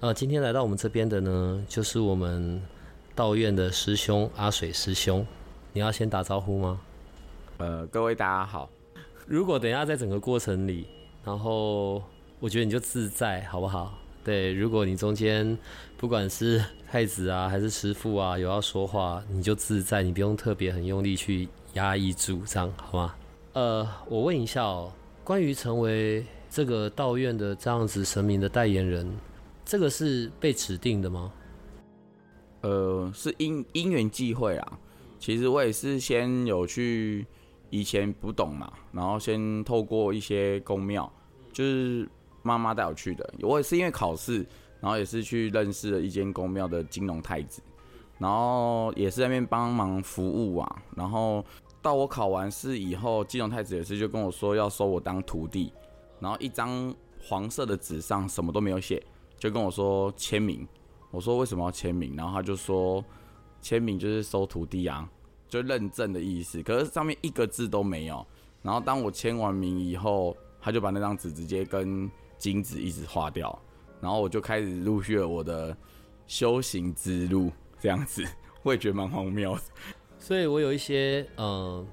呃，今天來到我們這邊的呢，就是我們道院的師兄阿水師兄，你要先打招呼嗎？呃，各位大家好。如果等一下在整個過程裡，然後我覺得你就自在好不好？對，如果你中間不管是太子啊，還是師父啊，有要說話，你就自在，你不用特別很用力去壓抑主張，好嗎？呃，我問一下哦，關於成為這個道院的這樣子神明的代言人，這個是被指定的嗎？呃，是因因緣際會啊。其實我也是先有去，以前不懂嘛，然後先透過一些宮廟，就是媽媽帶我去的。我也是因為考試，然後也是去認識了一間宮廟的金龍太子，然後也是在那邊幫忙服務啊。然後到我考完試以後，金龍太子也是就跟我說要收我當徒弟，然後一張黃色的紙上什麼都沒有寫。就跟我說簽名，我說為什麼要簽名？然後他就說簽名就是收徒弟啊，就認證的意思。可是上面一個字都沒有。然後當我簽完名以後，他就把那張紙直接跟金紙一直劃掉。然後我就開始陸續我的修行之路，這樣子，我也覺得蠻荒謬。所以我有一些呃，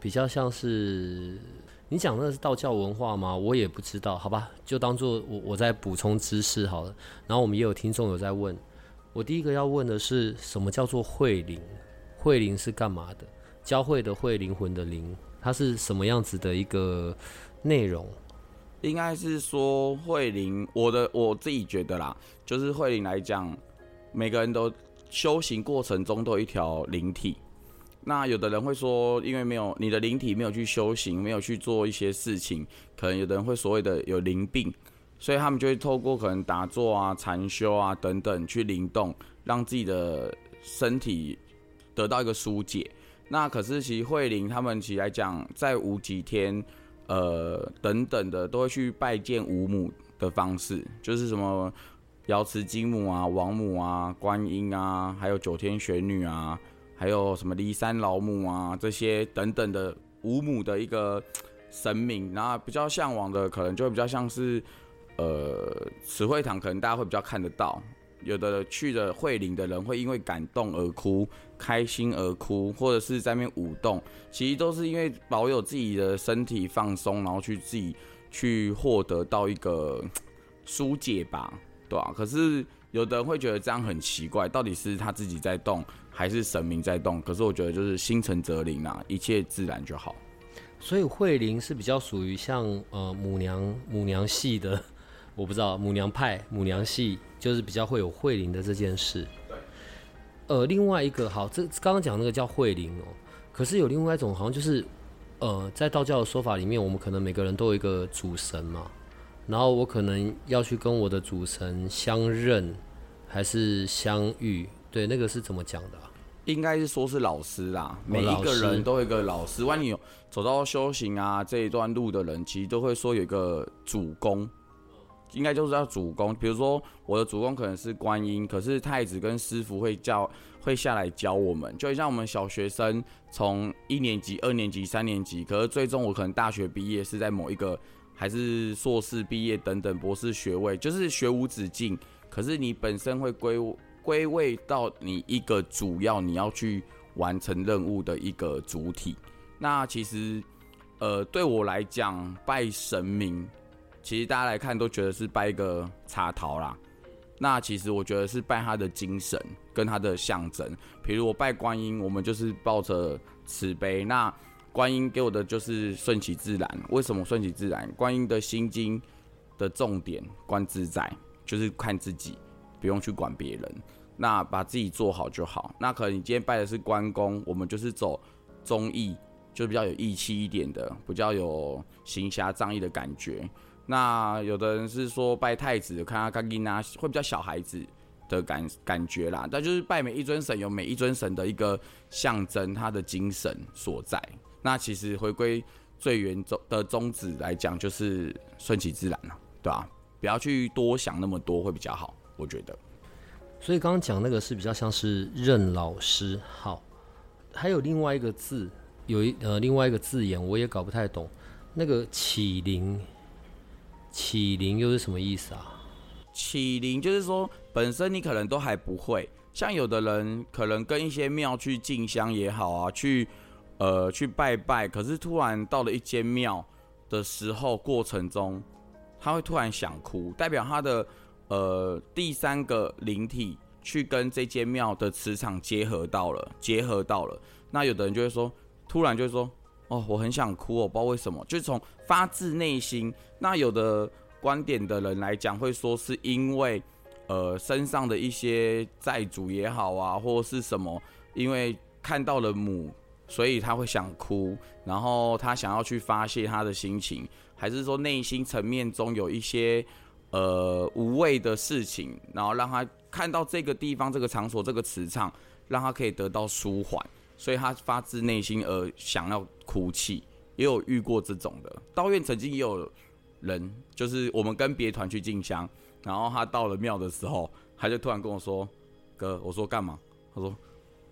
比較像是。你講的是道教文化嗎？我也不知道，好吧，就當做我我在補充知識好了。然後我們也有聽眾有在問，我第一個要問的是什麼叫做會靈？會靈是幹嘛的？教會的會，靈魂的靈，它是什麼樣子的一個內容？應該是說會靈，我的我自己覺得啦，就是會靈來講，每個人都修行過程中都有一條靈體。那有的人會說，因為沒有你的靈體沒有去修行，沒有去做一些事情，可能有的人會所謂的有靈病，所以他們就會透過可能打坐啊、禪修啊等等去靈動，讓自己的身體得到一個紓解。那可是其實慧靈他們其實來講，在五幾天、呃等等的都會去拜見五母的方式，就是什麼瑤池金母啊、王母啊、觀音啊，還有九天玄女啊。還有什麼驪山老母啊，這些等等的五母的一個神明，然後比較嚮往的，可能就會比較像是呃慈惠堂，可能大家會比較看得到。有的去了會靈的人會因為感動而哭，開心而哭，或者是在那邊舞動，其實都是因為保有自己的身體放鬆，然後去自己去獲得到一個紓解吧，對啊，可是有的人會覺得這樣很奇怪，到底是他自己在動，還是神明在動，可是我覺得就是心誠則靈啊，一切自然就好。所以會靈是比較屬於像呃母娘母娘系的，我不知道母娘派母娘系就是比較會有會靈的這件事。對。呃，另外一個好，這剛剛講那個叫會靈哦、喔，可是有另外一種好像就是呃在道教的說法裡面，我們可能每個人都有一個主神嘛，然後我可能要去跟我的主神相認還是相遇？對，那個是怎麼講的、啊？應該是說是老師啦，每一個人都有一個老師。老師萬一有走到修行啊這一段路的人，其實都會說有一個主公，應該就是要主公。比如說我的主公可能是觀音，可是太子跟師傅會教，會下來教我們。就像我們小學生從一年級、二年級、三年級，可是最終我可能大學畢業是在某一個，還是碩士畢業等等博士學位，就是學無止境。可是你本身會歸我。歸位到你一個主要你要去完成任務的一個主體。那其實，呃，對我來講，拜神明，其實大家來看都覺得是拜一個茶桃啦。那其實我覺得是拜他的精神跟他的象徵。比如我拜觀音，我們就是抱着慈悲。那觀音給我的就是順其自然。為什麼順其自然？觀音的心經的重點，觀自在就是看自己，不用去管別人。那把自己做好就好。那可能你今天拜的是關公，我們就是走忠義，就比較有義氣一點的，比較有行俠仗義的感覺。那有的人是說拜太子，看他剛勁啊，會比較小孩子的感、感覺啦。但就是拜每一尊神有每一尊神的一個象徵，他的精神所在。那其實回歸最原宗的宗旨來講，就是順其自然了，對吧，啊？不要去多想那麼多，會比較好，我覺得。所以剛剛講那個是比較像是任老師，好，還有另外一個字，有一呃另外一個字眼，我也搞不太懂，那個啟靈，啟靈又是什麼意思啊？啟靈就是說，本身你可能都還不會，像有的人可能跟一些廟去進香也好啊，去呃去拜拜，可是突然到了一間廟的時候，過程中他會突然想哭，代表他的。呃，第三個靈體去跟這間廟的磁場結合到了，結合到了。那有的人就會說，突然就說，哦，我很想哭哦，我不知道為什麼。就從發自內心。那有的觀點的人來講，會說是因為呃身上的一些債主也好啊，或是什麼，因為看到了母，所以他會想哭，然後他想要去發洩他的心情，還是說內心層面中有一些。呃，無謂的事情，然後讓他看到這個地方、這個場所、這個磁場，讓他可以得到舒緩，所以他發自內心而想要哭泣。也有遇過這種的，道院曾經也有人，就是我們跟別團去進香，然後他到了廟的時候，他就突然跟我說：“哥，我說幹嘛？”他說。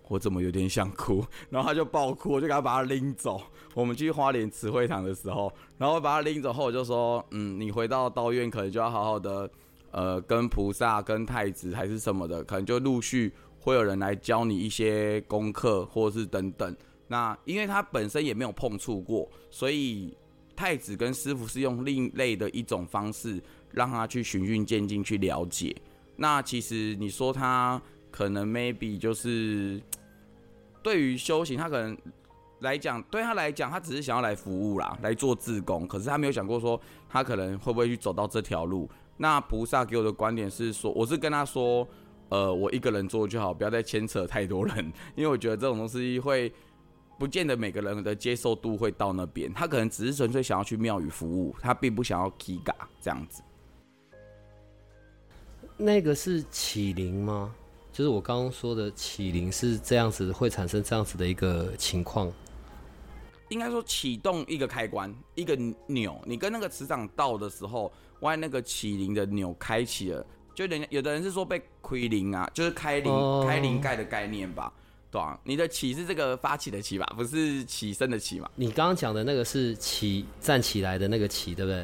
我怎麼有點想哭，然後他就爆哭，我就給他把他拎走。我們去花蓮慈惠堂的時候，然後把他拎走後，我就說：“嗯，你回到道院，可能就要好好的，呃，跟菩薩、跟太子還是什麼的，可能就陸續會有人來教你一些功課，或是等等。那因為他本身也沒有碰觸過，所以太子跟師父是用另類的一種方式，讓他去循序漸進去了解。那其實你說他。”可能 maybe 就是對於修行，他可能來講，對他來講，他只是想要來服務啦，來做志工。可是他沒有想過說，他可能會不會去走到這條路。那菩薩給我的觀點是說，我是跟他說，呃，我一個人做就好，不要再牽扯太多人，因為我覺得這種東西會不見得每個人的接受度會到那邊。他可能只是純粹想要去廟宇服務，他並不想要起乩這樣子。那個是啟靈嗎？就是我剛剛說的啟靈是這樣子，會產生這樣子的一個情況。應該說啟動一個開關，一個鈕。你跟那個磁場到的時候，外那個啟靈的鈕開啟了，就等於有的人是說被窺靈啊，就是開靈、oh. 開靈蓋的概念吧？對啊，你的啟是這個發起的起吧，不是起身的起嘛？你剛剛講的那個是起站起來的那個起，對不對？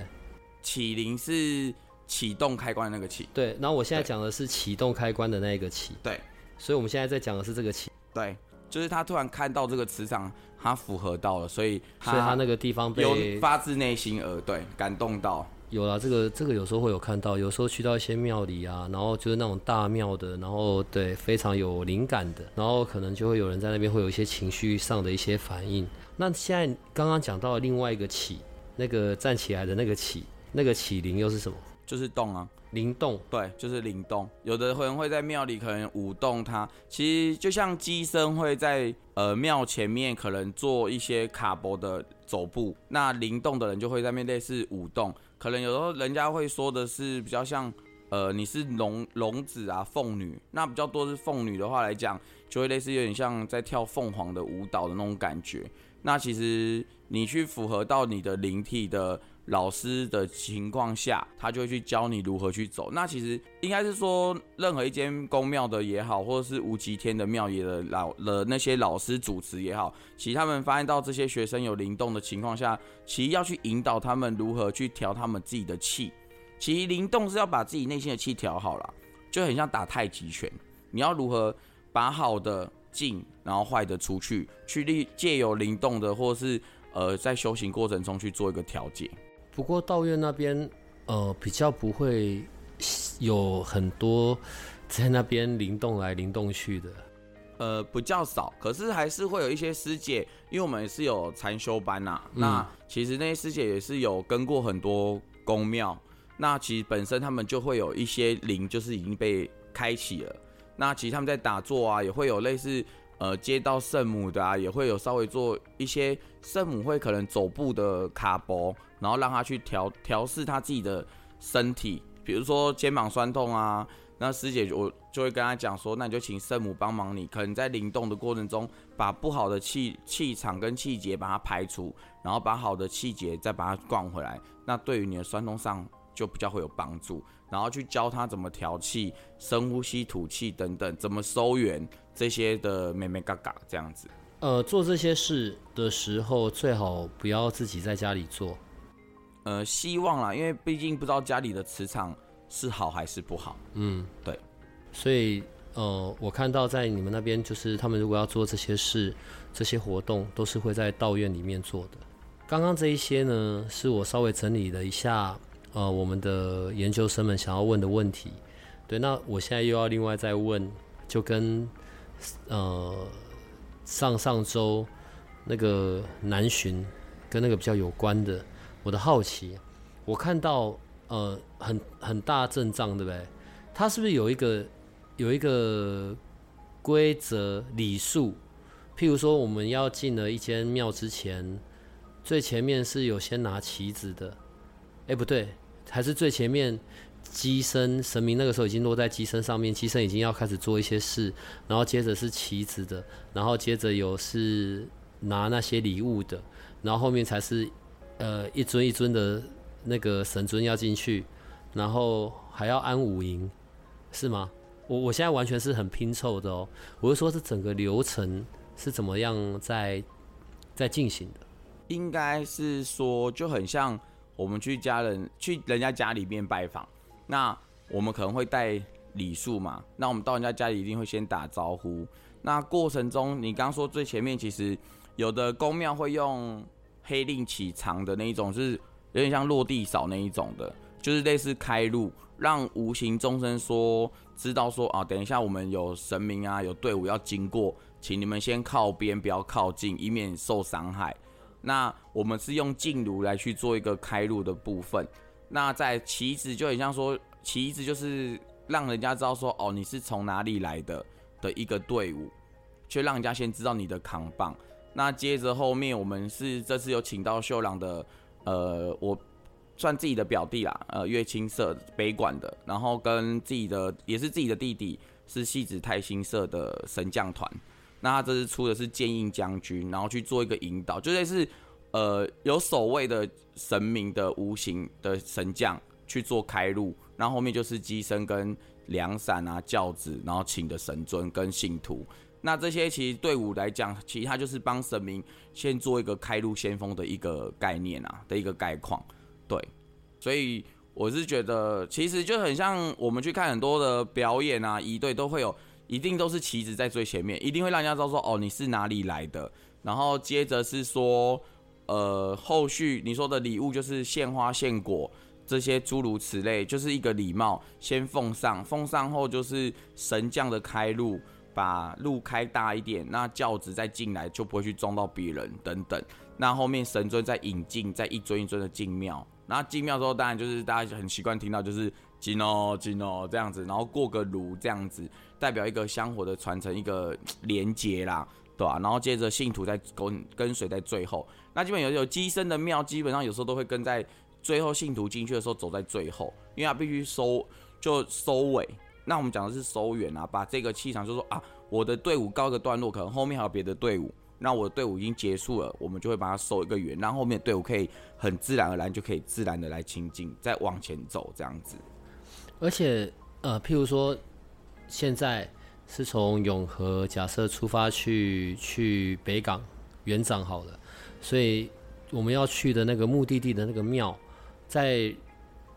啟靈是。啟動開關的那個啟，對，然後我現在講的是啟動開關的那一個啟，對，所以我們現在在講的是這個啟，對，就是他突然看到這個磁場，他符合到了，所以他那個地方有發自內心而對感動到，有了這個這個有時候會有看到，有時候去到一些廟裡啊，然後就是那種大廟的，然後對，非常有靈感的，然後可能就會有人在那邊會有一些情緒上的一些反應。那現在剛剛講到另外一個起，那個站起來的那個起，那個起靈又是什麼？就是動啊，靈動，對，就是靈動。有的人會在廟裡可能舞動它，其實就像乩身會在呃廟前面可能做一些卡脖的走步，那靈動的人就會在那邊類似舞動。可能有時候人家會說的是比較像呃，你是龍龍子啊、鳳女，那比較多是鳳女的話來講，就會類似有點像在跳鳳凰的舞蹈的那種感覺。那其實你去符合到你的靈體的。老師的情況下，他就會去教你如何去走。那其實應該是說，任何一間宮廟的也好，或者是無極天的廟也的老了那些老師主持也好，其實他們發現到這些學生有靈動的情況下，其實要去引導他們如何去調他們自己的氣。其實靈動是要把自己內心的氣調好了，就很像打太極拳，你要如何把好的進，然後壞的出去，去利借由靈動的，或者是呃在修行過程中去做一個調節。不過道院那邊，呃，比較不會有很多在那邊靈動來靈動去的，呃，比較少。可是還是會有一些師姐，因為我們也是有禪修班呐、啊嗯。那其實那些師姐也是有跟過很多宮廟，那其實本身他們就會有一些靈，就是已經被開啟了。那其實他們在打坐啊，也會有類似。呃，接到聖母的啊，也會有稍微做一些聖母會可能走步的卡步，然後讓他去調調試他自己的身體，比如說肩膀酸痛啊，那師姐我就會跟他講說，那你就請聖母幫忙你，你可能在靈動的過程中，把不好的氣氣場跟氣節把它排除，然後把好的氣節再把它灌回來，那對於你的酸痛上就比較會有幫助，然後去教他怎麼調氣，深呼吸、吐氣等等，怎麼收圓。這些的妹妹嘎嘎這樣子，呃，做這些事的時候，最好不要自己在家裡做。呃，希望啦，因為畢竟不知道家裡的磁場是好還是不好。嗯，對。所以，呃，我看到在你們那邊，就是他們如果要做這些事、這些活動，都是會在道院裡面做的。剛剛這一些呢，是我稍微整理了一下，呃，我們的研究生們想要問的問題。對，那我現在又要另外再問，就跟。呃，上上週那個南巡跟那個比較有關的，我的好奇，我看到呃很很大陣仗，對不對？它是不是有一個有一個規則禮數？譬如說，我們要進了一間廟之前，最前面是有先拿旗子的，哎，不對，還是最前面。乩身，神明那個時候已經落在乩身上面，乩身已經要開始做一些事，然後接着是旗子的，然後接着有是拿那些禮物的，然後後面才是，呃，一尊一尊的那個神尊要進去，然後還要安五營，是嗎？我我現在完全是很拼湊的哦，我是說是整個流程是怎麼樣在在進行的？應該是說就很像我們去家人去人家家裡面拜訪。那我們可能會帶禮數嘛？那我們到人家家裡一定會先打招呼。那過程中，你剛說最前面其實有的宮廟會用黑令旗藏的那一種，就是有點像落地掃那一種的，就是類似開路，讓無形眾生說知道說啊，等一下我們有神明啊，有隊伍要經過，請你們先靠邊，不要靠近，以免受傷害。那我們是用淨爐來去做一個開路的部分。那在旗子就很像說，旗子就是讓人家知道說，哦，你是從哪裡來的的一個隊伍，卻讓人家先知道你的扛棒。那接着後面，我們是這次有請到秀朗的，呃，我算自己的表弟啦，呃，樂清社北管的，然後跟自己的也是自己的弟弟，是戲子泰興社的神將團。那他這次出的是劍印將軍，然後去做一個引導，就類似。呃，有所謂的神明的無形的神將去做開路，然後後面就是機身跟涼傘啊、轎子，然後請的神尊跟信徒。那這些其實隊伍來講，其實他就是幫神明先做一個開路先鋒的一個概念啊，的一個概況。對，所以我是覺得，其實就很像我們去看很多的表演啊，儀隊都會有，一定都是旗子在最前面，一定會讓人家知道說，哦，你是哪裡來的，然後接着是說。呃，後續你說的禮物就是獻花獻果、獻果這些諸如此類，就是一個禮貌，先奉上。奉上後就是神將的開路，把路開大一點，那轎子再進來就不會去撞到別人等等。那後面神尊再引進，再一尊一尊的進廟。那進廟之後當然就是大家很習慣聽到就是進哦進哦這樣子，然後過個爐這樣子，代表一個香火的傳承，一個連結啦。對吧、啊？然後接着信徒在跟跟隨在最後，那基本有有乩身的廟，基本上有時候都會跟在最後信徒進去的時候走在最後，因為他必須收就收尾。那我們講的是收圓啊，把這個氣場就是說啊，我的隊伍告一個段落，可能後面還有別的隊伍，那我的隊伍已經結束了，我們就會把它收一個圓，讓後面的隊伍可以很自然而然就可以自然的來親近，再往前走這樣子。而且呃，譬如說現在。是從永和假設出發去去北港元長好了，所以我們要去的那個目的地的那個廟，在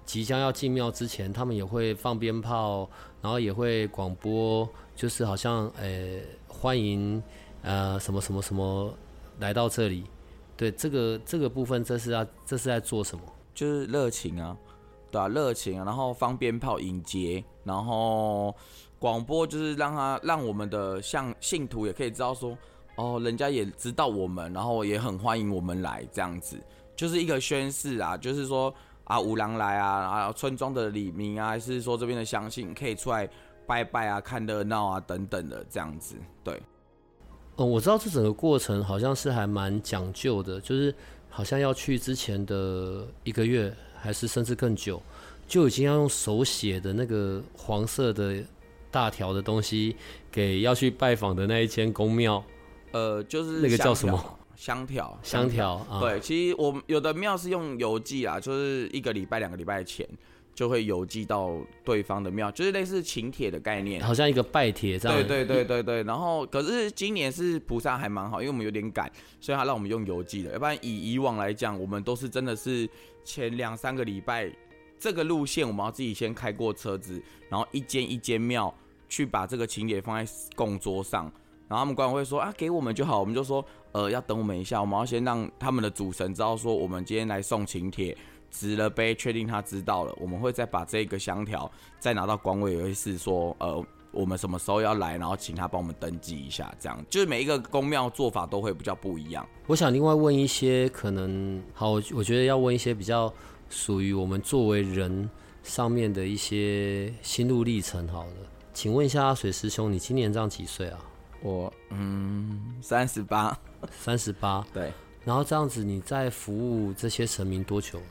即將要進廟之前，他們也會放鞭炮，然後也會廣播，就是好像呃、哎、歡迎啊、呃、什麼什麼什麼來到這裡。對，這個這個部分這是在這是在做什麼？就是熱情啊。啊，熱情，然後放鞭炮迎接，然後廣播就是讓他讓我們的像信徒也可以知道說，哦，人家也知道我們，然後也很歡迎我們來這樣子，就是一個宣誓啊，就是說啊五郎來啊，然、啊、後村莊的里民啊，還是說這邊的鄉親可以出來拜拜啊，看熱鬧啊等等的這樣子，對，哦，我知道這整個過程好像是還蠻講究的，就是好像要去之前的一個月。還是甚至更久，就已經要用手寫的那個黃色的大條的東西，給要去拜訪的那一間宮廟。呃，就是那個叫什麼香條，香條。對、嗯，其實我們有的廟是用郵寄啊，就是一個禮拜、兩個禮拜前就會郵寄到對方的廟，就是類似請帖的概念，好像一個拜帖這樣。對對對對對。然後，可是今年是菩薩還蠻好，因為我們有點趕，所以他讓我們用郵寄的。要不然以以往來講，我們都是真的是。前兩三個禮拜，這個路線我們要自己先開過車子，然後一間一間廟去把這個請帖放在供桌上，然後他們管委會說啊，給我們就好，我們就說呃，要等我們一下，我們要先讓他們的主神知道說我們今天來送請帖，擲了杯，確定他知道了，我們會再把這個香條再拿到管委會，是說呃。我們什麼時候要來，然後請他幫我們登記一下，這樣就是每一個宮廟做法都會比較不一樣。我想另外問一些可能，好，我覺得要問一些比較屬於我們作為人上面的一些心路歷程。好了，請問一下阿水師兄，你今年這樣幾歲啊？我嗯，三十八，三十八， 對。然後這樣子你在服務這些神明多久了？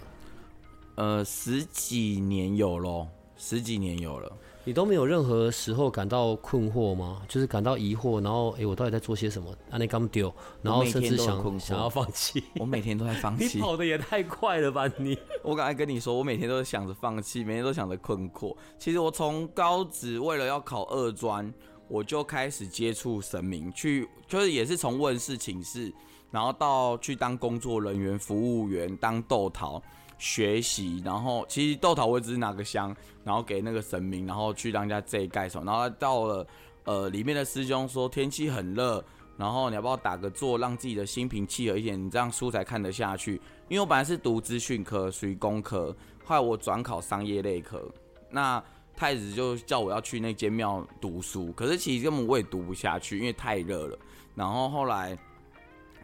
呃，十幾年有嘍，十幾年有了。你都沒有任何時候感到困惑嗎？就是感到疑惑，然後哎，我到底在做些什麼？come d 丟，然後甚至想每天都想要放棄。 我每天都在放棄。 你跑得也太快了吧！你， 我剛才跟你說，我每天都想着放棄，每天都想着困惑。其實我從高職為了要考二專，我就開始接觸神明，去就是也是從問事請示，然後到去當工作人員、服務員、當豆桃。學習，然後其實豆塔我也只是拿個香，然後給那個神明，然後去讓人家這一蓋手，然後到了呃裡面的師兄說天氣很熱，然後你要不要打個坐，讓自己的心平氣和一點，你這樣書才看得下去。因為我本來是讀資訊科，屬於工科，後來我轉考商業類科，那太子就叫我要去那間廟讀書，可是其實根本我也讀不下去，因為太熱了。然後後來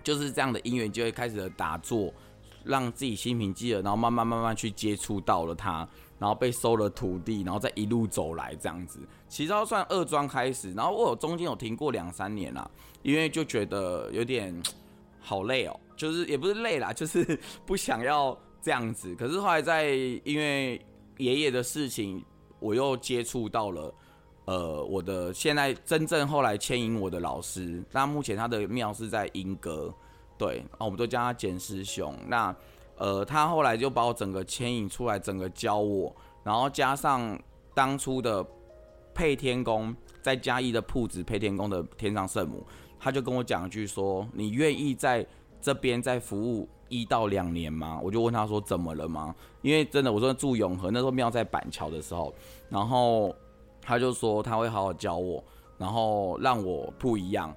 就是這樣的因緣，就會開始打坐。讓自己心平氣和，然後慢慢慢慢去接觸到了他，然後被收了徒弟，然後再一路走來這樣子。其實要算二莊開始，然後我中間有停過兩三年啦、啊，因為就覺得有點好累哦、喔，就是也不是累啦，就是不想要這樣子。可是後來在因為爺爺的事情，我又接觸到了呃我的現在真正後來牽引我的老師，那目前他的廟是在鶯歌。對，然後我們都叫他簡師兄。那，呃，他後來就把我整個牽引出來，整個教我。然後加上當初的配天宮，在嘉義的朴子，配天宮的天上聖母，他就跟我講一句說：“你願意在這邊再服務一到兩年嗎？”我就問他說：“怎麼了嗎？”因為真的，我說住永和那時候廟在板橋的時候，然後他就說他會好好教我，然後讓我不一樣。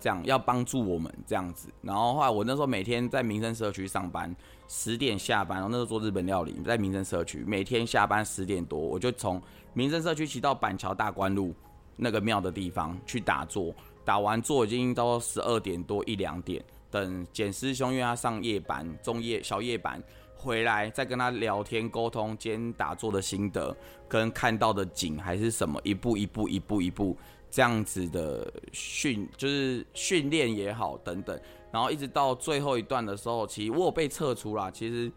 這樣要幫助我們這樣子，然後後來我那時候每天在民生社區上班，十點下班，然後那時候做日本料理，在民生社區每天下班十點多，我就從民生社區騎到板橋大觀路那個廟的地方去打坐，打完坐已經到十二點多一兩點，等簡師兄因為他上夜班中夜小夜班回來再跟他聊天溝通今天打坐的心得跟看到的景還是什麼，一步一步一步一步，一步。這樣子的訓就是訓練也好，等等，然後一直到最後一段的時候，其實我有被撤出了。其實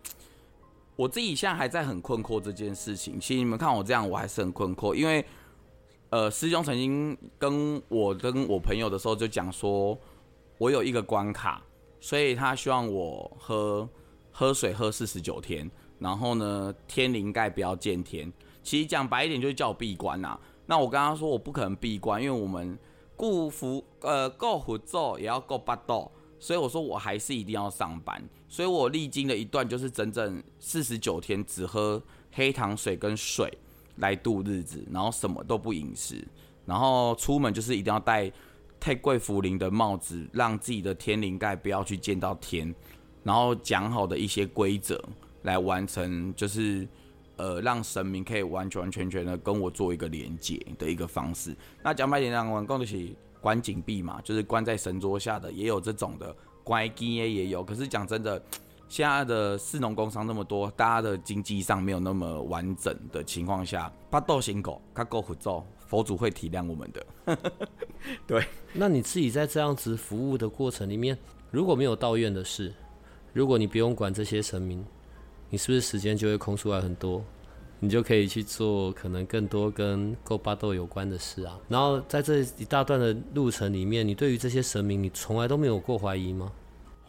我自己現在還在很困惑這件事情。其實你們看我這樣，我還是很困惑，因為呃，師兄曾經跟我跟我朋友的時候就講說，我有一個關卡，所以他希望我喝喝水喝四十九天，然後呢，天靈蓋不要見天。其實講白一點，就是叫我閉關啦那我跟他說，我不可能閉關，因為我們顧佛，呃，顧佛祖也要顧腹肚，所以我說我還是一定要上班。所以我歷經了一段，就是整整四十九天，只喝黑糖水跟水來度日子，然後什麼都不飲食，然後出門就是一定要戴太貴茯苓的帽子，讓自己的天靈蓋不要去見到天，然後講好的一些規則來完成，就是。呃，讓神明可以完完全全的跟我做一個連接的一個方式。那講白點，讓我們供的是關禁閉嘛，就是關在神桌下的，也有這種的乖雞也有。可是講真的，現在的士農工商那麼多，大家的經濟上沒有那麼完整的情況下，八斗行狗，它狗互助，佛祖會體諒我們的。 對，那你自己在這樣子服務的過程裡面，如果沒有道院的事，如果你不用管這些神明，你是不是時間就會空出來很多，你就可以去做可能更多跟 Go 巴豆有關的事啊？然後在這一大段的路程裡面，你對於這些神明，你從來都沒有過懷疑嗎？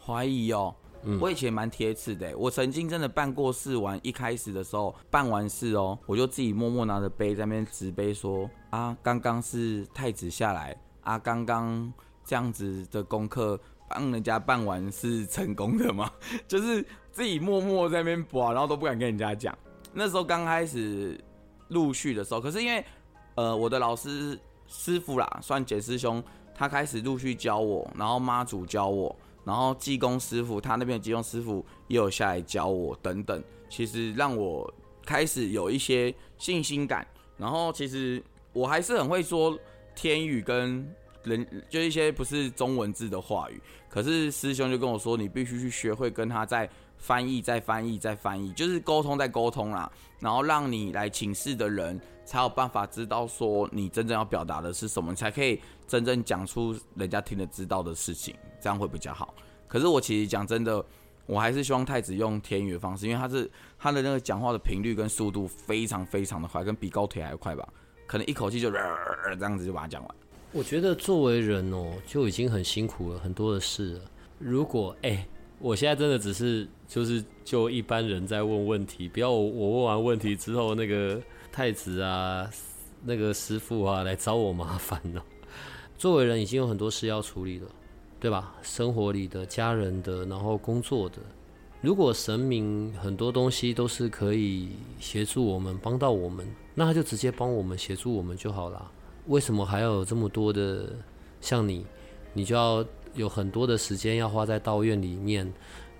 懷疑哦、嗯，我以前蠻鐵齒的，我曾經真的辦過事完，一開始的時候辦完事哦、喔，我就自己默默拿着杯在那邊擲杯說啊，剛剛是太子下來啊，剛剛這樣子的功課幫人家辦完是成功的嗎？就是。自己默默在那邊播，然後都不敢跟人家講。那時候剛開始陸續的時候，可是因為呃，我的老師師傅啦，算姐師兄，他開始陸續教我，然後媽祖教我，然後濟公師傅他那邊的濟公師傅也有下來教我，等等。其實讓我開始有一些信心感。然後其實我還是很會說天語跟人，就一些不是中文字的話語。可是師兄就跟我說：“你必須去學會跟他在。”翻譯再翻譯再翻譯，就是溝通再溝通啦，然後讓你來請示的人才有辦法知道說你真正要表達的是什麼，你才可以真正講出人家聽得知道的事情，這樣會比較好。可是我其實講真的，我還是希望太子用天語的方式，因為他是他的那個講話的頻率跟速度非常非常的快，跟比高鐵還快吧，可能一口氣就嚷嚷這樣子就把它講完。我覺得作為人哦、喔，就已經很辛苦了，很多的事了，如果誒……欸我現在真的只是就是就一般人在問問題，不要我問完問題之後，那個太子啊，那個師傅啊，來找我麻煩了。作為人，已經有很多事要處理了，對吧？生活裡的、家人的，然後工作的。如果神明很多東西都是可以協助我們、幫到我們，那他就直接幫我們、協助我們就好啦。為什麼還要有這麼多的像你，你就要？有很多的時間要花在道院裡面，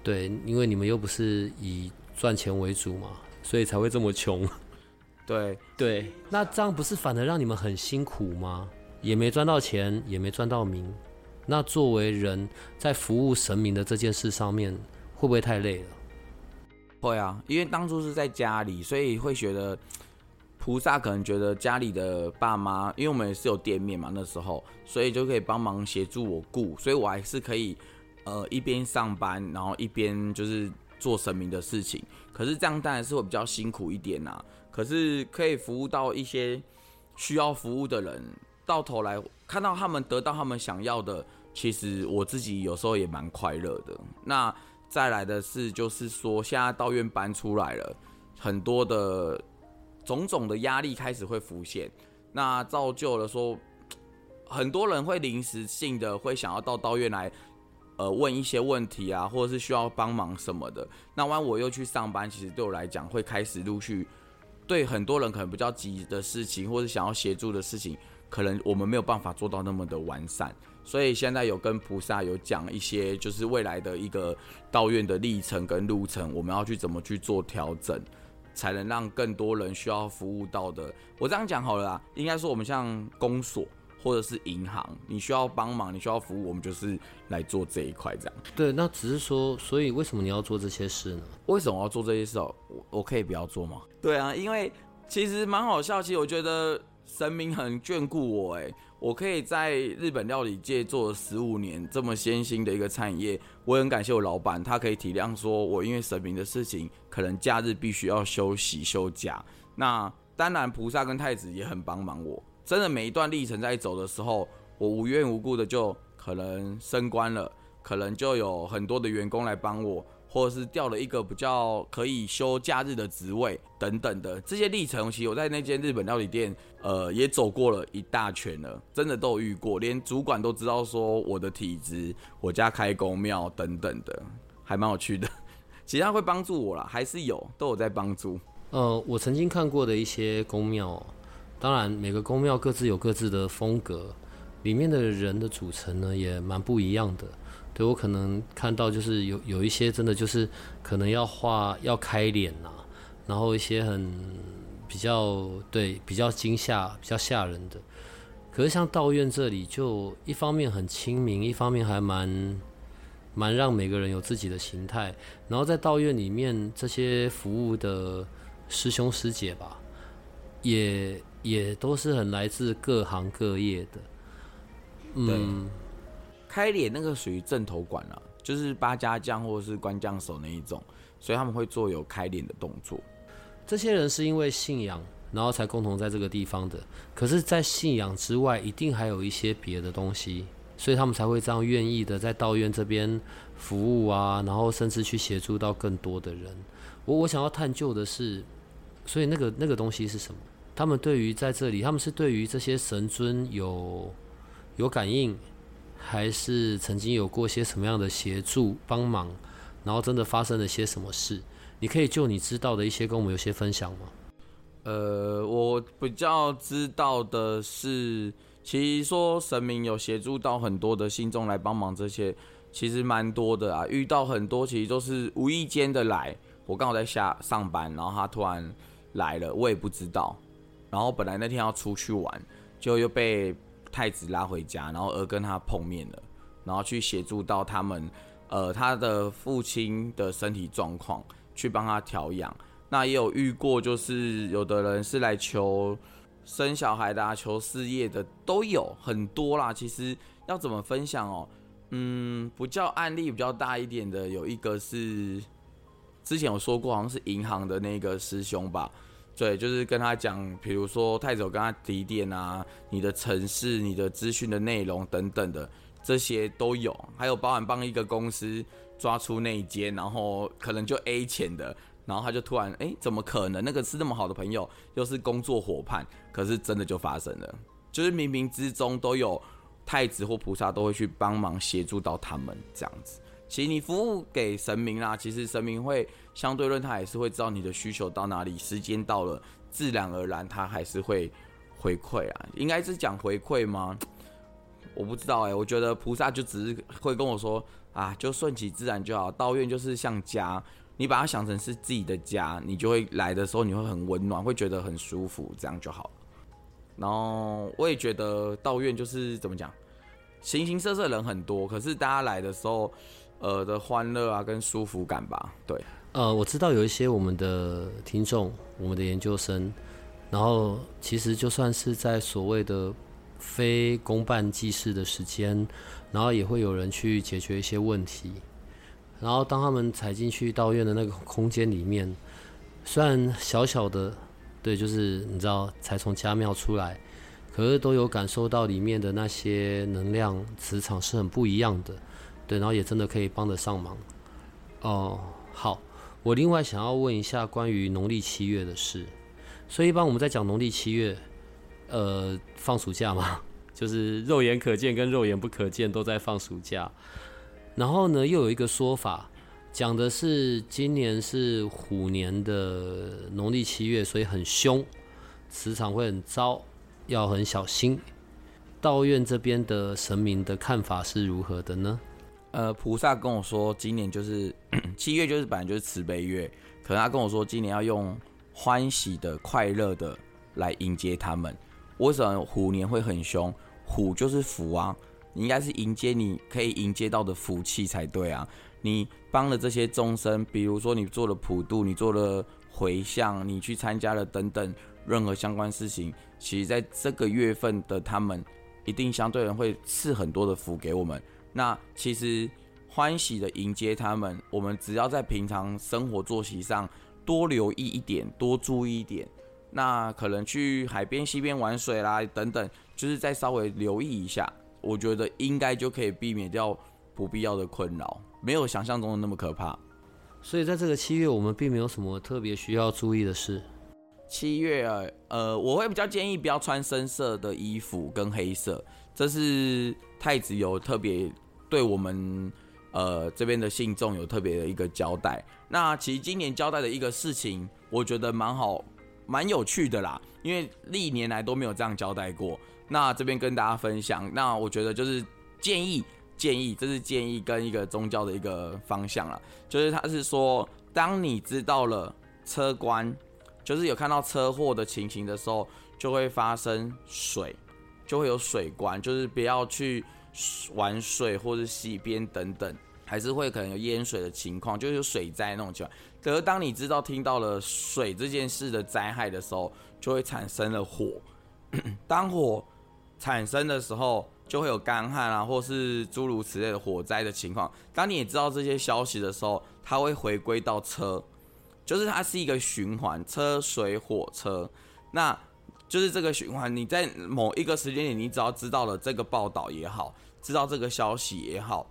對，因為你們又不是以賺錢為主嘛，所以才會這麼窮。對對，那這樣不是反而讓你們很辛苦嗎？也沒賺到錢，也沒賺到名。那作為人在服務神明的這件事上面，會不會太累了？會啊，因為當初是在家裡，所以會覺得。菩薩可能覺得家裡的爸媽，因為我們也是有店面嘛，那時候所以就可以幫忙協助我顧，所以我還是可以，呃，一邊上班，然後一邊就是做神明的事情。可是這樣當然是會比較辛苦一點吶、啊，可是可以服務到一些需要服務的人，到頭來看到他們得到他們想要的，其實我自己有時候也蠻快樂的。那再來的是，就是說現在道院搬出來了，很多的。種種的壓力開始會浮現，那造就了說，很多人會臨時性的會想要到道院來，呃，問一些問題啊，或者是需要幫忙什麼的。那完我又去上班，其實對我來講，會開始陸續對很多人可能比較急的事情，或者想要協助的事情，可能我們沒有辦法做到那麼的完善。所以現在有跟菩薩有講一些，就是未來的一個道院的歷程跟路程，我們要去怎麼去做調整。才能讓更多人需要服務到的。我這樣講好了啊，應該說我們像公所或者是銀行，你需要幫忙，你需要服務，我們就是來做這一塊這樣。對，那只是說，所以為什麼你要做這些事呢？為什麼我要做這些事？我我可以不要做嗎？對啊，因為其實蠻好笑，其實我覺得神明很眷顧我哎、欸。我可以在日本料理界做了十五年這麼艱辛的一個餐飲業，我很感謝我老板，他可以體諒說我因為神明的事情，可能假日必須要休息休假。那當然菩薩跟太子也很幫忙我，真的每一段歷程在走的時候，我無緣無故的就可能升官了，可能就有很多的員工來幫我。或者是調了一個比較可以休假日的職位等等的這些歷程，其實我在那間日本料理店，呃，也走過了一大圈了，真的都有遇過，連主管都知道說我的體質，我家開宮廟等等的，還蠻有趣的。其他會幫助我啦，還是有，都有在幫助。呃，我曾經看過的一些宮廟，當然每個宮廟各自有各自的風格，裡面的人的組成呢也蠻不一樣的。對，我可能看到就是有有一些真的就是可能要畫要開臉吶、啊，然後一些很比較對比較驚嚇、比較嚇人的。可是像道院這裡，就一方面很親民，一方面還蠻蠻讓每個人有自己的形態。然後在道院裡面，這些服務的師兄師姐吧，也也都是很來自各行各業的，嗯。開臉那個屬於陣頭館了，啊，就是八家將或是官將手那一種，所以他們會做有開臉的動作。這些人是因為信仰，然後才共同在這個地方的。可是，在信仰之外，一定還有一些別的東西，所以他們才會這樣願意的在道院這邊服務啊，然後甚至去協助到更多的人。我我想要探究的是，所以那個那個東西是什麼？他們對於在這裡，他們是對於這些神尊有有感應。還是曾經有過些什麼樣的協助幫忙，然後真的發生了些什麼事？你可以就你知道的一些跟我們有些分享嗎？呃，我比較知道的是，其實說神明有協助到很多的信眾來幫忙，這些其實蠻多的啊。遇到很多其實都是無意間的來，我剛好在下上班，然後他突然來了，我也不知道。然後本來那天要出去玩，就又被。太子拉回家，然後而跟他碰面了，然後去協助到他們，呃，他的父親的身體狀況，去幫他調養。那也有遇過，就是有的人是來求生小孩的啊，求事業的都有很多啦。其實要怎麼分享哦？嗯，比較案例比較大一點的，有一個是之前有說過，好像是銀行的那個師兄吧。對，就是跟他講，比如說太子有跟他提點啊，你的城市、你的資訊的內容等等的，這些都有，還有包含幫一個公司抓出內奸，然後可能就 A 錢的，然後他就突然誒，怎麼可能？那個是那麼好的朋友，又是工作夥伴，可是真的就發生了，就是冥冥之中都有太子或菩薩都會去幫忙協助到他們這樣子。其實你服務給神明啦，其實神明會相對論，他也是會知道你的需求到哪裡，時間到了，自然而然他還是會回饋啊。應該是講回饋嗎？我不知道哎、欸，我覺得菩薩就只是會跟我說啊，就順其自然就好。道院就是像家，你把它想成是自己的家，你就會來的時候你會很溫暖，會覺得很舒服，這樣就好。然後我也覺得道院就是怎麼講，形形色色人很多，可是大家來的時候。呃的歡樂啊，跟舒服感吧，對。呃，我知道有一些我們的聽眾，我們的研究生，然後其實就算是在所謂的非公辦祭祀的時間，然後也會有人去解決一些問題。然後當他們踩進去道院的那個空間裡面，雖然小小的，對，就是你知道才從家廟出來，可是都有感受到裡面的那些能量磁場是很不一樣的。對，然後也真的可以幫得上忙哦。好，我另外想要問一下關於農曆七月的事。所以一般我們在講農曆七月，呃，放暑假嘛，就是肉眼可見跟肉眼不可見都在放暑假。然後呢，又有一個說法講的是今年是虎年的農曆七月，所以很凶，磁場會很糟，要很小心。道院這邊的神明的看法是如何的呢？呃，菩薩跟我說，今年就是 七月，就是本來就是慈悲月。可能他跟我說，今年要用歡喜的、快樂的來迎接他們。為什麼虎年會很凶？虎就是福啊，你應該是迎接你可以迎接到的福氣才對啊。你幫了這些眾生，比如說你做了普渡，你做了回向，你去參加了等等任何相關事情，其實在這個月份的他們一定相對人會賜很多的福給我們。那其實歡喜的迎接他們。我們只要在平常生活作息上多留意一點，多注意一點，那可能去海邊、溪邊玩水啦，等等，就是再稍微留意一下，我覺得應該就可以避免掉不必要的困擾，沒有想象中的那麼可怕。所以在這個七月，我們並沒有什麼特別需要注意的事。七月呃，我會比較建議不要穿深色的衣服跟黑色，這是太子有特別。對我們，呃，這邊的信眾有特別的一個交代。那其實今年交代的一個事情，我覺得蠻好、蠻有趣的啦，因為歷年來都沒有這樣交代過。那這邊跟大家分享，那我覺得就是建議、建議，這是建議跟一個宗教的一個方向了。就是他是說，當你知道了車關，就是有看到車禍的情形的時候，就會發生水，就會有水關，就是不要去。玩水、或者溪邊等等，還是會可能有淹水的情況，就是水災那種情況。可是當你知道聽到了水這件事的災害的時候，就會產生了火。 當火產生的時候，就會有乾旱啊，或是諸如此類的火災的情況。當你也知道這些消息的時候，它會回歸到車，就是它是一個循環：車、水、火、車。那就是這個循環。你在某一個時間點，你只要知道了這個報道也好。知道這個消息也好，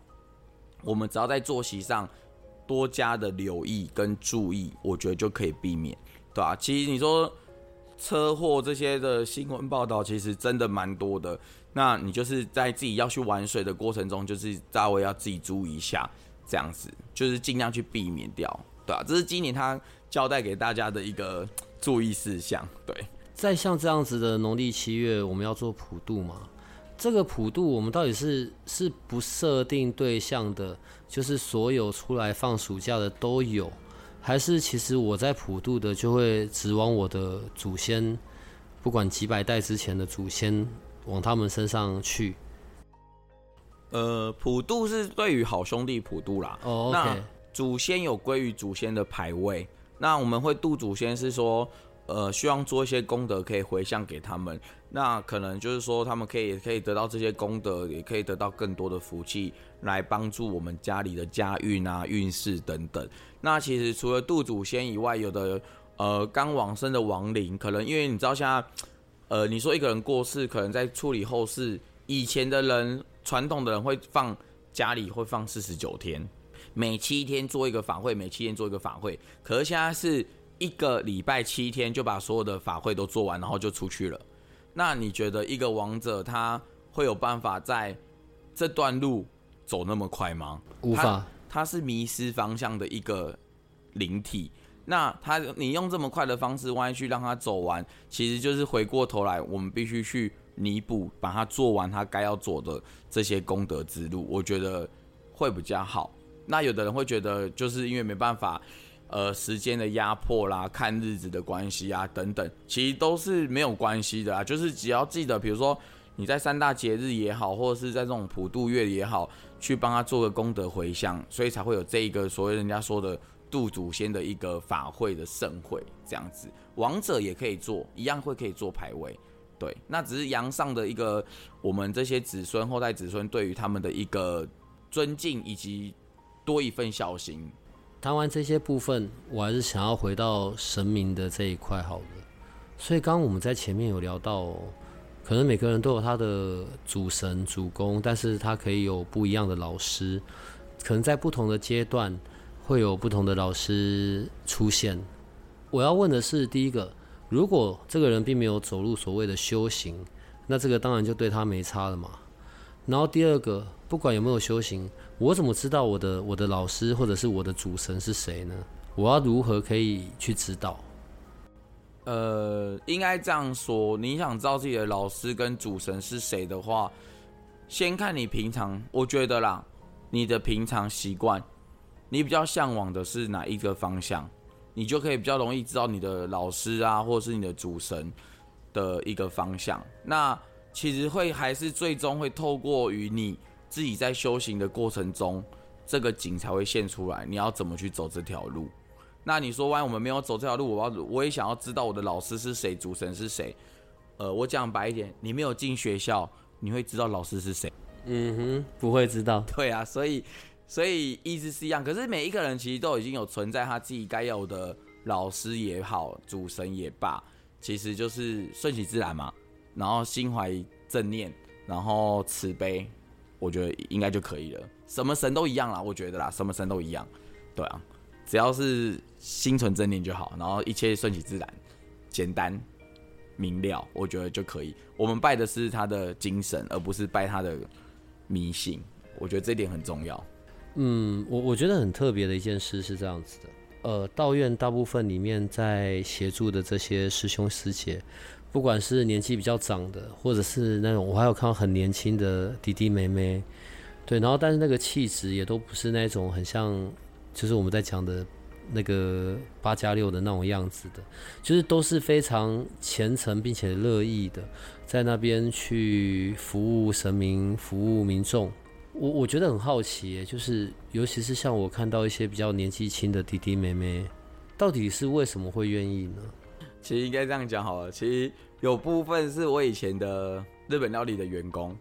我們只要在作息上多加的留意跟注意，我覺得就可以避免，對啊，其實你說車禍這些的新聞報道，其實真的蠻多的。那你就是在自己要去玩水的過程中，就是稍微要自己注意一下，這樣子就是儘量去避免掉，對啊，這是今年他交代給大家的一個注意事項。對，在像這樣子的農曆七月，我們要做普渡嗎？這個普渡我們到底是是不設定對象的，就是所有出來放暑假的都有，還是其實我在普渡的就會指往我的祖先，不管幾百代之前的祖先往他們身上去？呃，普渡是對於好兄弟普渡啦。哦、oh, okay.，那祖先有歸於祖先的牌位，那我們會渡祖先是說，呃，希望做一些功德可以回向給他們，那可能就是說他們可以也可以得到這些功德，也可以得到更多的福氣，來幫助我們家裡的家運啊、運勢等等。那其實除了度祖先以外，有的呃剛往生的亡靈，可能因為你知道現在呃，你說一個人過世，可能在處理後事，以前的人傳統的人會放家裡會放四十九天，每七天做一個法會，每七天做一個法會，可是現在是。一個禮拜七天就把所有的法會都做完，然後就出去了。那你覺得一個亡者他會有辦法在這段路走那麼快嗎？無法，他，他是迷失方向的一個靈體。那他，你用這麼快的方式，歪去讓他走完，其實就是回過頭來，我們必須去彌補，把他做完他該要做的這些功德之路。我覺得會比較好。那有的人會覺得，就是因為沒辦法。呃，時間的壓迫啦，看日子的關係啊，等等，其實都是沒有關係的啊。就是只要記得，比如說你在三大節日也好，或者是在這種普渡月也好，去幫他做個功德回向，所以才會有這一個所謂人家說的度祖先的一個法會的盛會這樣子。亡者也可以做，一樣會可以做牌位。對，那只是陽上的一個，我們這些子孫後代子孫對於他們的一個尊敬以及多一份孝心。談完這些部分，我還是想要回到神明的這一塊好了。所以，剛剛我們在前面有聊到，可能每個人都有他的主神、主公，但是他可以有不一樣的老師，可能在不同的階段會有不同的老師出現。我要問的是，第一個，如果這個人並沒有走入所謂的修行，那這個當然就對他沒差了嘛。然後第二個，不管有沒有修行。我怎麼知道我的我的老師或者是我的主神是誰呢？我要如何可以去知道？呃，應該這樣說，你想知道自己的老師跟主神是誰的話，先看你平常，我覺得啦，你的平常習慣，你比較嚮往的是哪一個方向，你就可以比較容易知道你的老師啊，或者是你的主神的一個方向。那其實會還是最終會透過於你。自己在修行的過程中，這個景才會現出來。你要怎麼去走這條路？那你說，萬一我們沒有走這條路，我要我也想要知道我的老師是誰，主神是誰？呃，我講白一點，你沒有進學校，你會知道老師是誰？嗯哼，不會知道。對啊，所以所以意思是一樣。可是每一個人其實都已經有存在他自己該有的老師也好，主神也罷，其實就是順其自然嘛。然後心懷正念，然後慈悲。我覺得應該就可以了，什麼神都一樣啦，我覺得啦，什麼神都一樣，對啊，只要是心存正念就好，然後一切順其自然，簡單明了，我覺得就可以。我們拜的是他的精神，而不是拜他的迷信，我覺得這點很重要。嗯，我我覺得很特別的一件事是這樣子的，呃，道院大部分裡面在協助的這些師兄師姐，不管是年紀比較長的，或者是那種我還有看到很年輕的弟弟妹妹，對，然後但是那個氣質也都不是那種很像，就是我們在講的那個八加六的那種樣子的，就是都是非常虔誠並且樂意的，在那邊去服務神明、服務民眾。我我覺得很好奇，就是尤其是像我看到一些比較年紀輕的弟弟妹妹，到底是為什麼會願意呢？其實應該這樣講好了。其實有部分是我以前的日本料理的員工，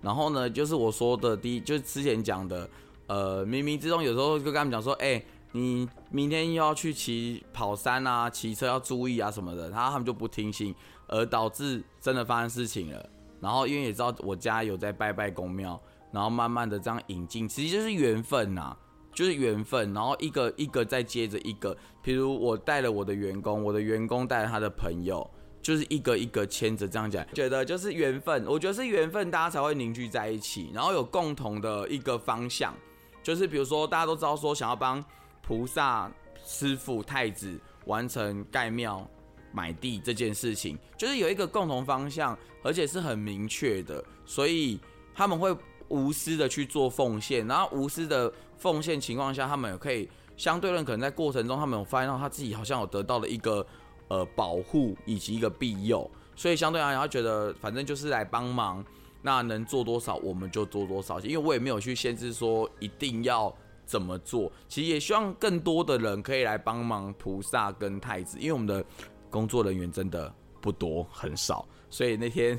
然後呢，就是我說的第一，就是之前講的，呃，冥冥之中有時候就跟他們講說，哎、欸，你明天又要去騎跑山啊，騎車要注意啊什麼的，然後他們就不聽信，而導致真的發生事情了。然後因為也知道我家有在拜拜宮廟，然後慢慢的這樣引進，其實就是緣分吶、啊。就是緣分，然後一個一個再接着一個，譬如我帶了我的員工，我的員工帶了他的朋友，就是一個一個牽着這樣講，覺得就是緣分，我覺得是緣分，大家才會凝聚在一起，然後有共同的一個方向，就是比如說大家都知道說想要幫菩薩師父太子完成蓋廟買地這件事情，就是有一個共同方向，而且是很明確的，所以他們會無私的去做奉獻，然後無私的。奉獻情況下，他們也可以相對論，可能在過程中，他們有發現到他自己好像有得到了一個呃，保護以及一個庇佑，所以相對而言，他覺得反正就是來幫忙，那能做多少我們就做多少，因為我也沒有去限制說一定要怎麼做。其實也希望更多的人可以來幫忙菩薩跟太子，因為我們的工作人員真的不多，很少，所以那天。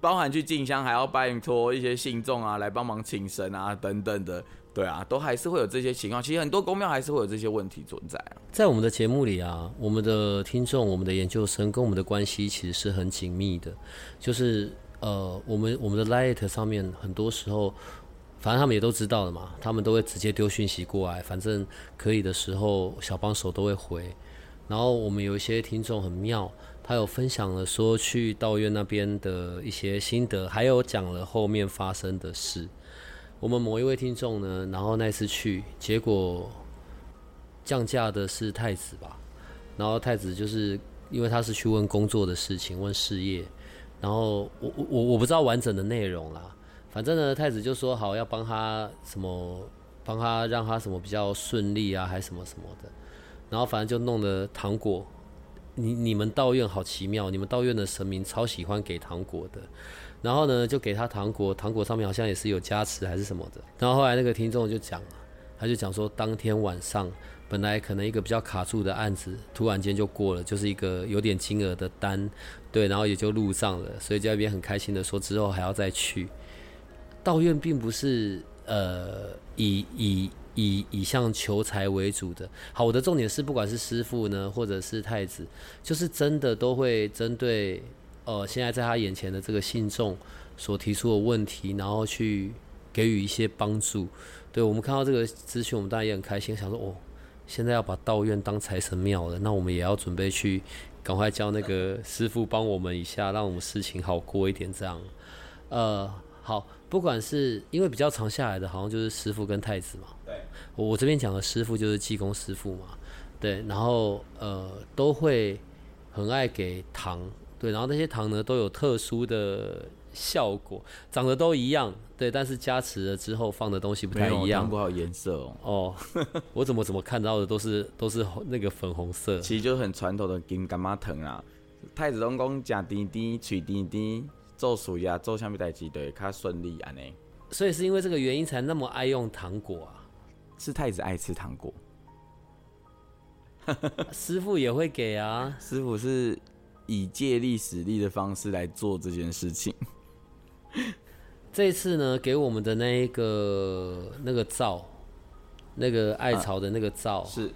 包含去進香，還要拜托一些信眾啊，來幫忙請神啊，等等的，對啊，都還是會有這些情況。其實很多宮廟還是會有這些問題存在啊。在我們的節目裡啊，我們的聽眾、我們的研究生跟我們的關係其實是很緊密的。就是呃，我們我們的 light 上面，很多時候，反正他們也都知道了嘛，他們都會直接丟訊息過來。反正可以的時候，小幫手都會回。然後我們有一些聽眾很妙。他有分享了說去道院那邊的一些心得，還有講了後面發生的事。我們某一位聽眾呢，然後那次去，結果降駕的是太子吧？然後太子就是因為他是去問工作的事情，問事業，然後我我我不知道完整的內容啦。反正呢，太子就說好要幫他什麼，幫他讓他什麼比較順利啊，還是什麼什麼的。然後反正就弄的糖果。你你們道院好奇妙，你們道院的神明超喜歡給糖果的，然後呢就給他糖果，糖果上面好像也是有加持還是什麼的。然後後來那個聽眾就講，他就講說，當天晚上本來可能一個比較卡住的案子，突然間就過了，就是一個有點金額的單，對，然後也就入帳了，所以這邊很開心的說之後還要再去。道院並不是呃以以以以以向求財為主的好。我的重點是，不管是師父呢，或者是太子，就是真的都會針對呃，現在在他眼前的這個信眾所提出的問題，然後去給予一些幫助。對，我們看到這個資訊，我們當然也很開心，想說哦，現在要把道院當財神廟了,那我們也要準備去,趕快叫那個師父幫我們一下，讓我們事情好過一點這樣，呃。好，不管是因為比較長下來的好像就是師傅跟太子嘛。對，我這邊講的師傅就是濟公師傅嘛。對，然後呃都會很愛給糖，對，然後那些糖呢都有特殊的效果，長得都一樣，對，但是加持了之後放的東西不太一樣。糖果顏色哦、喔。哦， 我怎麼怎麼看到的都是都是那個粉紅色。 其實就是很傳統的金柑仔糖啊。太子龍宮吃甜甜，吹甜甜。做熟呀、啊，做橡皮代志都較順利安，所以是因為這個原因才那麼愛用糖果啊？是太子愛吃糖果，師傅也會給啊。師傅是以借力使力的方式來做這件事情。 這次呢，給我們的那個那個罩，那個艾草、那個、的那個罩、啊，是，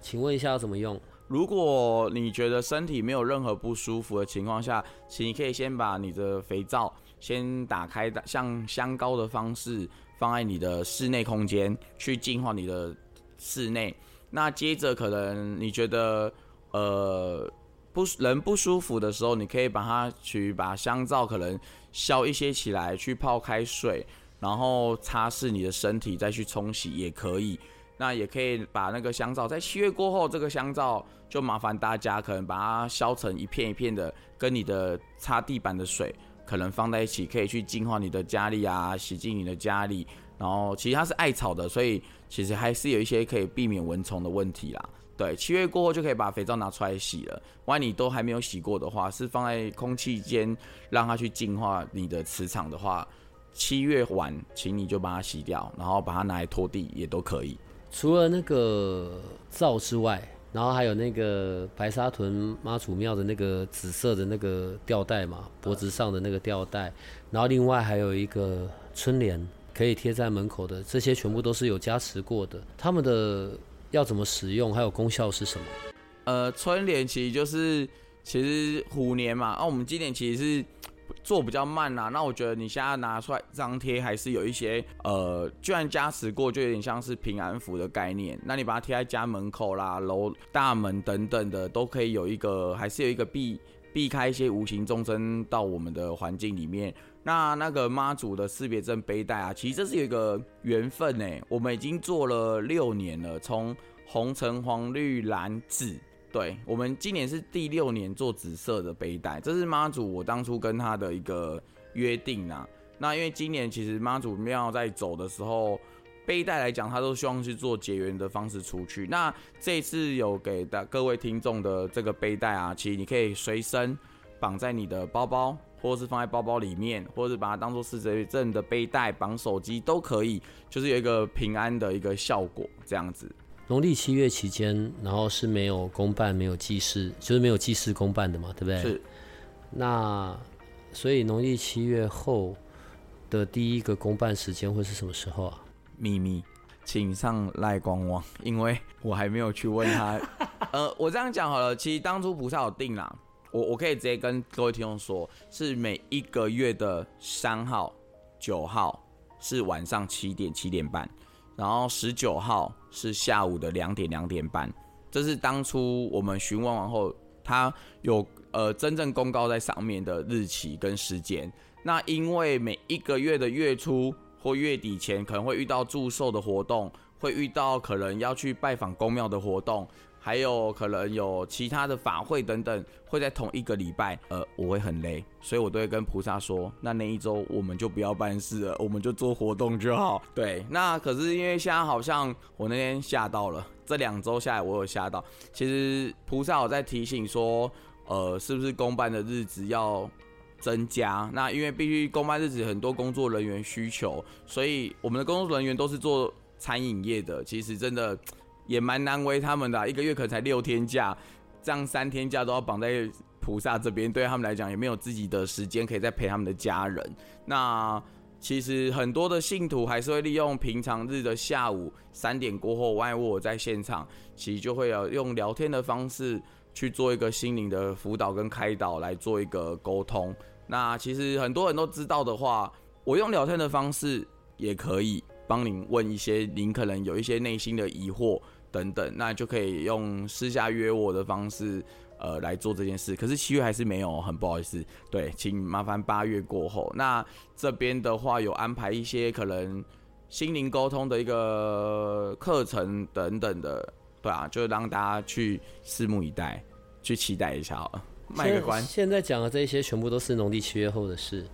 請問一下要怎麼用？如果你覺得身體沒有任何不舒服的情況下，請你可以先把你的肥皂先打開，像香膏的方式放在你的室內空間去淨化你的室內。那接着可能你覺得呃不，人不舒服的時候，你可以把它去把香皂可能削一些起來去泡開水，然後擦拭你的身體再去沖洗也可以。那也可以把那個香皂，在七月過後，這個香皂就麻煩大家可能把它削成一片一片的，跟你的擦地板的水可能放在一起，可以去淨化你的家裡啊，洗淨你的家裡。然後其實它是艾草的，所以其實還是有一些可以避免蚊蟲的問題啦。對，七月過後就可以把肥皂拿出來洗了。萬一你都還沒有洗過的話，是放在空氣間讓它去淨化你的磁場的話，七月完請你就把它洗掉，然後把它拿來拖地也都可以。除了那個灶之外，然後還有那個白沙屯媽祖廟的那個紫色的那個吊帶嘛，脖子上的那個吊帶，然後另外還有一個春聯，可以貼在門口的，這些全部都是有加持過的。他們的要怎麼使用，還有功效是什麼？呃，春聯其實就是其實虎年嘛，那、啊、我們今年其實是。做比較慢啊，那我覺得你現在拿出來張貼，還是有一些呃，既然加持過，就有點像是平安符的概念。那你把它貼在家門口啦、樓大門等等的，都可以有一個，還是有一個避避開一些無形眾生到我們的環境裡面。那那個媽祖的識別證背帶啊，其實這是有一個緣分哎、欸，我們已經做了六年了，從紅橙黃綠藍紫。對，我們今年是第六年做紫色的背帶，這是媽祖我當初跟她的一個約定吶、啊。那因為今年其實媽祖廟在走的時候，背帶來講，她都希望去做結緣的方式出去。那這次有給的各位聽眾的這個背帶啊，其實你可以隨身綁在你的包包，或是放在包包裡面，或者是把它當做四節鎮的背帶綁手機都可以，就是有一個平安的一個效果這樣子。農曆七月期間，然後是沒有公辦沒有濟世，就是沒有濟世公辦的嘛，對不對？是。那所以農曆七月後的第一個公辦時間會是什麼時候啊？秘密，請上賴光網，因為我還沒有去問他。 呃，我這樣講好了，其實當初菩薩有定啦，我我可以直接跟各位聽眾說，是每一個月的三號、九號是晚上七點、七點半。然後十九號是下午的兩點兩點半，這是當初我們詢問完後，他有呃真正公告在上面的日期跟時間。那因為每一個月的月初或月底前，可能會遇到祝壽的活動，會遇到可能要去拜訪宮廟的活動。還有可能有其他的法會等等會在同一個禮拜，呃，我會很累，所以我都會跟菩薩說，那那一周我們就不要辦事了，我們就做活動就好。對，那可是因為現在好像我那天嚇到了，這兩週下來我有嚇到。其實菩薩有在提醒說，呃，是不是公辦的日子要增加？那因為必須公辦日子很多工作人員需求，所以我們的工作人員都是做餐飲業的。其實真的。也蠻難為他們的，一個月可能才六天假，這樣三天假都要綁在菩薩這邊，對他們來講也沒有自己的時間可以再陪他們的家人。那其實很多的信徒還是會利用平常日的下午三點過後，萬一我在現場，其實就會有用聊天的方式去做一個心靈的輔導跟開導，來做一個溝通。那其實很多人都知道的話，我用聊天的方式也可以幫您問一些您可能有一些內心的疑惑。等等，那就可以用私下約我的方式，呃，來做這件事。可是七月還是沒有，很不好意思。對，請麻煩八月過後。那這邊的話有安排一些可能心靈溝通的一個課程等等的，對啊，就讓大家去拭目以待，去期待一下好了。賣個關。現在講的這些全部都是農曆七月後的事。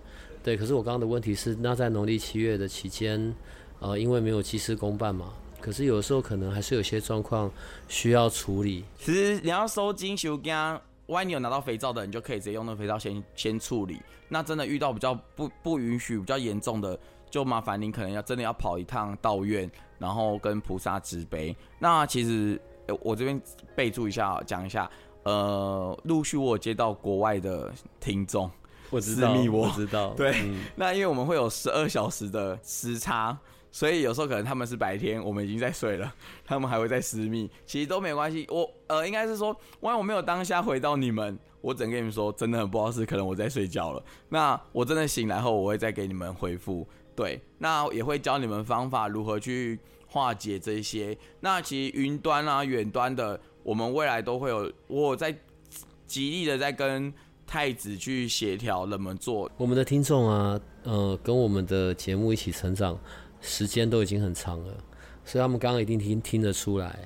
對，可是我剛剛的問題是，那在農曆七月的期間，呃，因為沒有濟世公辦嘛。可是有的時候可能還是有些狀況需要處理。其實你要收金修經，萬一你有拿到肥皂的人，你就可以直接用那個肥皂先先處理。那真的遇到比較不不允許、比較嚴重的，就麻煩您可能要真的要跑一趟道院，然後跟菩薩擲杯。那其實我這邊備註一下，講一下，呃，陸續我有接到國外的聽眾，我知道我，我知道，對、嗯。那因為我們會有十二小時的時差。所以有時候可能他們是白天，我們已經在睡了，他們還會在私密，其實都沒關係。我呃，應該是說，萬一我沒有當下回到你們，我只能跟你們說，真的很不好意思，可能我在睡覺了。那我真的醒來後，我會再給你們回覆。對，那也會教你們方法如何去化解這些。那其實雲端啊、遠端的，我們未來都會有。我有在極力的在跟太子去協調怎麼做。我們的聽眾啊，呃，跟我們的節目一起成長。時間都已經很長了，所以他們剛剛一定聽聽得出來。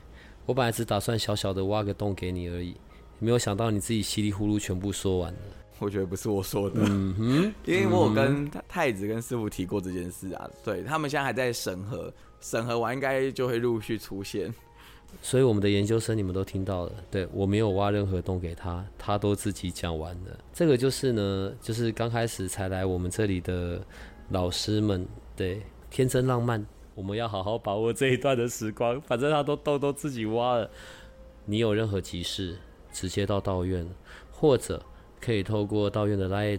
我本來只打算小小的挖個洞給你而已，沒有想到你自己稀里糊塗全部說完了。我覺得不是我說的，嗯哼，因為我跟太子跟師父提過這件事啊。嗯、對他們現在還在審核，審核完應該就會陸續出現。所以我們的研究生你們都聽到了，對，我沒有挖任何洞給他，他都自己講完了。這個就是呢，就是剛開始才來我們這裡的老師們，對。天真浪漫，我們要好好把握這一段的時光。反正他都洞洞自己挖了。你有任何急事，直接到道院，或者可以透過道院的 Line，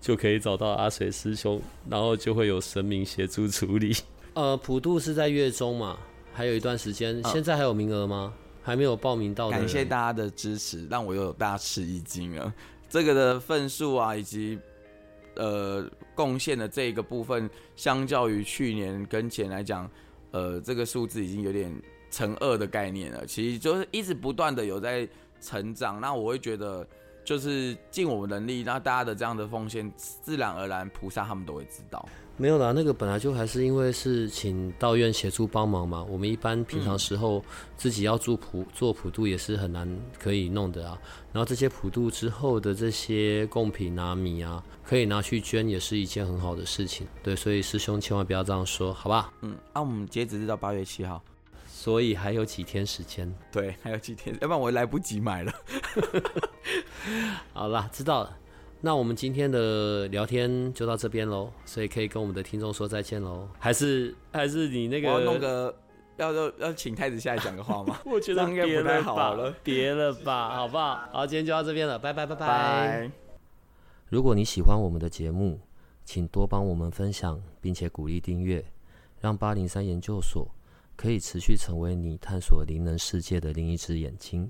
就可以找到阿水師兄，然後就會有神明協助處理。呃，普渡是在月中嘛，還有一段時間，現在還有名額嗎？啊？還沒有報名到？感謝大家的支持，讓我又有大吃一驚啊！這個的份數啊，以及，呃，貢獻的這個部分，相較於去年跟前來講，呃，這個數字已經有點乘二的概念了。其實就是一直不斷的有在成長。那我會覺得，就是盡我們能力，那大家的這樣的奉獻，自然而然菩薩他們都會知道。沒有啦，那個本來就還是因為是請道院協助幫忙嘛。我們一般平常時候自己要普、嗯、做普做普渡也是很難可以弄的啊。然後這些普渡之後的這些貢品拿、啊、米啊，可以拿去捐也是一件很好的事情。對，所以師兄千萬不要這樣說，好吧？嗯，那、啊、我們截止是到八月七號，所以還有幾天時間。對，還有幾天，要不然我來不及買了。 好啦，知道了。那我們今天的聊天就到這邊嘍，所以可以跟我們的聽眾說再見嘍。還是還是你那個弄個要要要請太子下來講個話嗎？ 我覺得應該不太好了，別了吧， 別了吧 好不好？好，今天就到這邊了， 拜拜，拜拜。如果你喜歡我們的節目，請多幫我們分享，並且鼓勵訂閱，讓8靈3研究所可以持續成為你探索靈能世界的另一隻眼睛。